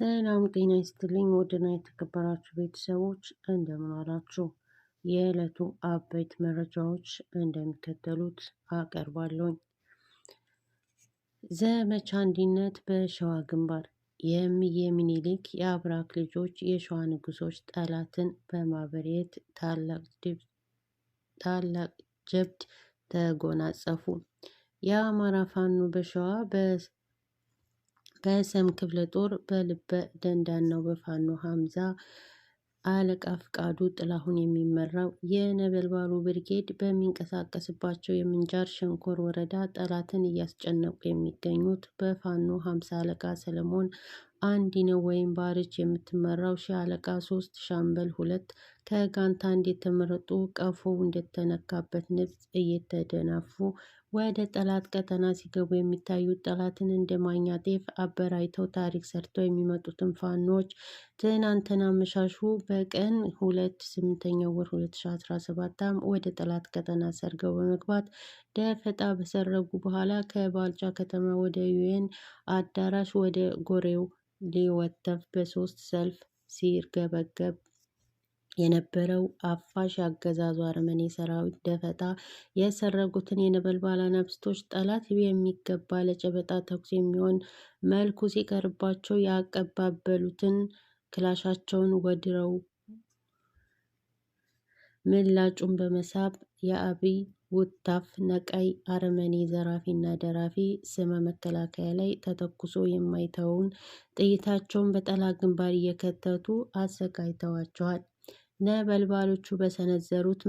ሰላም ጤና ይስጥልኝ ውድና የተከበራችሁ ቤተሰቦች እንደምን አላችሁ? የዕለቱ አበይት መረጃዎች እንደሚከተሉት አቀርባለሁኝ። ዘመቻ አንድነት በሸዋ ግንባር የእምዬ ምኒልክ የአብራክ ልጆች የሸዋ ንጉሶች ጠላትን በማበሬት ታላቅ ጀብድ ተጎናጸፉ። የአማራ ፋኖ በሸዋ በሰም ክፍለ ጦር በልበ ደንዳናው በፋኖ ሀምዛ አለቃ ፍቃዱ ጥላሁን የሚመራው የነበልባሉ ብርጌድ በሚንቀሳቀስባቸው የምንጃር ሸንኮር ወረዳ ጠላትን እያስጨነቁ የሚገኙት በፋኖ ሀምሳ አለቃ ሰለሞን አንዲ ነው ወይም ባርች የምትመራው ሺ አለቃ ሶስት ሻምበል ሁለት ከጋንታ እንደተመረጡ ቀፎ እንደተነካበት ንብ እየተደናፉ ወደ ጠላት ቀጠና ሲገቡ የሚታዩት ጠላትን እንደ ማኛ ጤፍ አበራይተው ታሪክ ሰርተው የሚመጡትን ፋኖች ትናንትና አመሻሹ በቀን ሁለት ስምንተኛ ወር 2017 ወደ ጠላት ቀጠና ሰርገው በመግባት ደፈጣ በሰረጉ በኋላ ከባልጫ ከተማ ወደ ዩኤን አዳራሽ ወደ ጎሬው ሊወተፍ በሶስት ሰልፍ ሲርገበገብ የነበረው አፋሽ አገዛዙ አርመኔ ሰራዊት ደፈጣ የሰረጉትን የነበልባል አናብስቶች ጠላት የሚገባ ለጨበጣ ተኩስ የሚሆን መልኩ ሲቀርባቸው ያቀባበሉትን ክላሻቸውን ወድረው ምላጩን በመሳብ የአብይ ውታፍ ነቀይ አረመኔ እና ደራፊ ስመ መከላከያ ላይ ተተኩሶ የማይተውን ጥይታቸውን በጠላት ግንባር እየከተቱ አሰቃይተዋቸዋል። ነበልባሎቹ በሰነዘሩት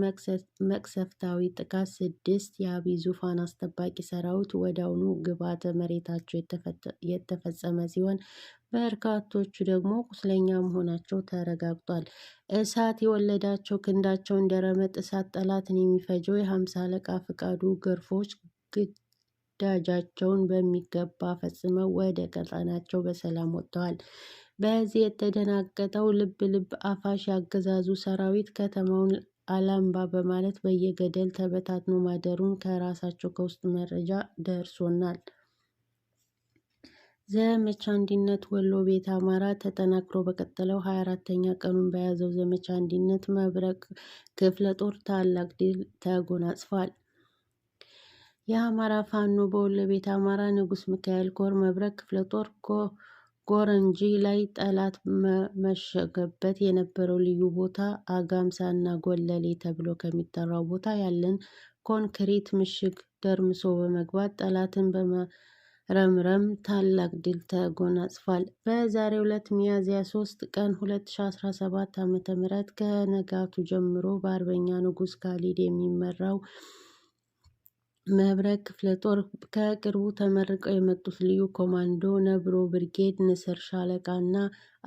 መቅሰፍታዊ ጥቃት ስድስት የአብይ ዙፋን አስጠባቂ ሰራዊት ወዲያውኑ ግባተ መሬታቸው የተፈጸመ ሲሆን በርካቶቹ ደግሞ ቁስለኛ መሆናቸው ተረጋግጧል። እሳት የወለዳቸው ክንዳቸው እንደረመጥ እሳት ጠላትን የሚፈጀው የሀምሳ አለቃ ፍቃዱ ገርፎች ግዳጃቸውን በሚገባ ፈጽመው ወደ ቀጣናቸው በሰላም ወጥተዋል። በዚህ የተደናገጠው ልብ ልብ አፋሽ ያገዛዙ ሰራዊት ከተማውን አላምባ በማለት በየገደል ተበታትኖ ማደሩን ከራሳቸው ከውስጥ መረጃ ደርሶናል። ዘመቻ አንድነት ወሎ ቤት አማራ ተጠናክሮ በቀጠለው 24ተኛ ቀኑን በያዘው ዘመቻ አንድነት መብረቅ ክፍለ ጦር ታላቅ ድል ተጎናጽፏል። የአማራ ፋኖ በወሎ ቤት አማራ ንጉስ ሚካኤል ኮር መብረቅ ክፍለ ጦር ጎረንጂ ላይ ጠላት መሸገበት የነበረው ልዩ ቦታ አጋምሳ እና ጎለሌ ተብሎ ከሚጠራው ቦታ ያለን ኮንክሪት ምሽግ ደርምሶ በመግባት ጠላትን በመረምረም ታላቅ ድል ተጎናጽፏል። በዛሬ ሁለት ሚያዝያ 3 ቀን 2017 ዓ.ም ከነጋቱ ጀምሮ በአርበኛ ንጉሥ ካሊድ የሚመራው መብረቅ ክፍለ ጦር ከቅርቡ ተመርቀው የመጡት ልዩ ኮማንዶ ነብሮ ብርጌድ፣ ንስር ሻለቃ እና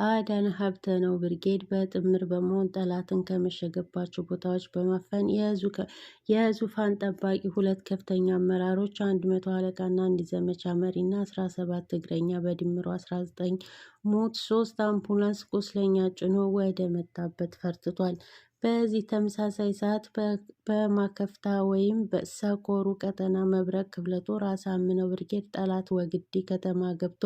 አዳነ ሀብተ ነው ብርጌድ በጥምር በመሆን ጠላትን ከመሸገባቸው ቦታዎች በማፈን የዙፋን ጠባቂ ሁለት ከፍተኛ አመራሮች፣ አንድ መቶ አለቃ እና አንድ ዘመቻ መሪ እና አስራ ሰባት እግረኛ በድምሩ አስራ ዘጠኝ ሞት ሶስት አምቡላንስ ቁስለኛ ጭኖ ወደ መጣበት ፈርትቷል። በዚህ ተመሳሳይ ሰዓት በማከፍታ ወይም በሰኮሩ ቀጠና መብረቅ ክፍለ ጦር አሳምነው ብርጌድ ጠላት ወግዲ ከተማ ገብቶ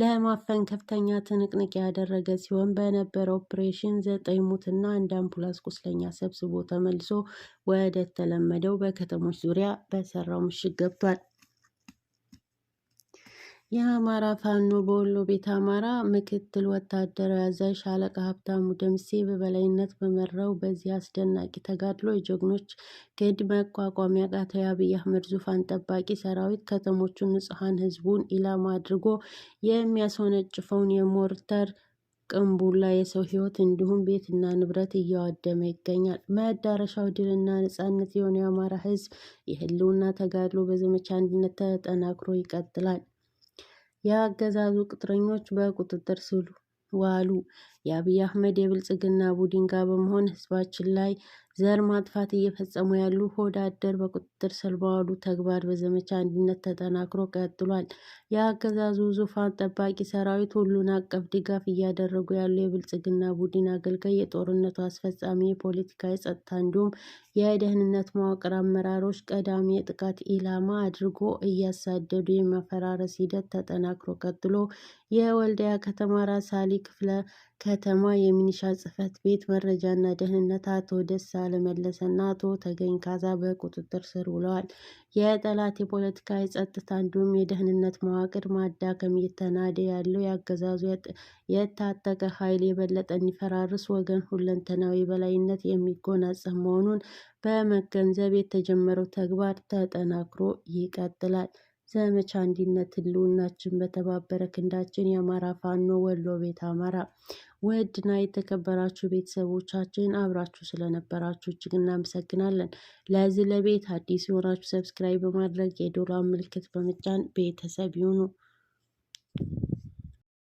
ለማፈን ከፍተኛ ትንቅንቅ ያደረገ ሲሆን በነበረው ኦፕሬሽን ዘጠኝ ሙትና አንድ አምቡላንስ ቁስለኛ ሰብስቦ ተመልሶ ወደ ተለመደው በከተሞች ዙሪያ በሰራው ምሽግ ገብቷል። የአማራ ፋኖ በወሎ ቤት አማራ ምክትል ወታደር አዛዥ ሻለቃ ሀብታሙ ደምሴ በበላይነት በመራው በዚህ አስደናቂ ተጋድሎ የጀግኖች ግድ መቋቋም ያቃተው የአብይ አህመድ ዙፋን ጠባቂ ሰራዊት ከተሞቹን ንጹሐን ህዝቡን ኢላማ አድርጎ የሚያስወነጭፈውን የሞርተር ቅንቡላ የሰው ህይወት እንዲሁም ቤትና ንብረት እያወደመ ይገኛል። መዳረሻው ድልና ነጻነት የሆነ የአማራ ህዝብ የህልውና ተጋድሎ በዘመቻ አንድነት ተጠናክሮ ይቀጥላል። የአገዛዙ ቅጥረኞች በቁጥጥር ስር ዋሉ። የአብይ አህመድ የብልጽግና ቡድን ጋር በመሆን ህዝባችን ላይ ዘር ማጥፋት እየፈጸሙ ያሉ ሆድ አደር በቁጥጥር ስር በዋሉ ተግባር በዘመቻ አንድነት ተጠናክሮ ቀጥሏል። የአገዛዙ ዙፋን ጠባቂ ሰራዊት ሁሉን አቀፍ ድጋፍ እያደረጉ ያሉ የብልጽግና ቡድን አገልጋይ፣ የጦርነቱ አስፈጻሚ፣ የፖለቲካ የጸጥታ እንዲሁም የደህንነት መዋቅር አመራሮች ቀዳሚ የጥቃት ኢላማ አድርጎ እያሳደዱ የመፈራረስ ሂደት ተጠናክሮ ቀጥሎ የወልዲያ ከተማ ራሳሊ ክፍለ የከተማ የሚኒሻ ጽህፈት ቤት መረጃና ደህንነት አቶ ደስ አለመለሰና አቶ ተገኝ ካዛ በቁጥጥር ስር ውለዋል። የጠላት የፖለቲካ የጸጥታ እንዲሁም የደህንነት መዋቅር ማዳከም እየተናደ ያለው የአገዛዙ የታጠቀ ኃይል የበለጠ እንዲፈራርስ ወገን ሁለንተናዊ በላይነት የሚጎናጸፍ መሆኑን በመገንዘብ የተጀመረው ተግባር ተጠናክሮ ይቀጥላል። ዘመቻ አንድነት ህልውናችን በተባበረ ክንዳችን የአማራ ፋኖ ወሎ ቤት አማራ ውድና የተከበራችሁ ቤተሰቦቻችን አብራችሁ ስለነበራችሁ እጅግ እናመሰግናለን። ለዚህ ለቤት አዲስ የሆናችሁ ሰብስክራይብ በማድረግ የዶላር ምልክት በመጫን ቤተሰብ ይሁኑ።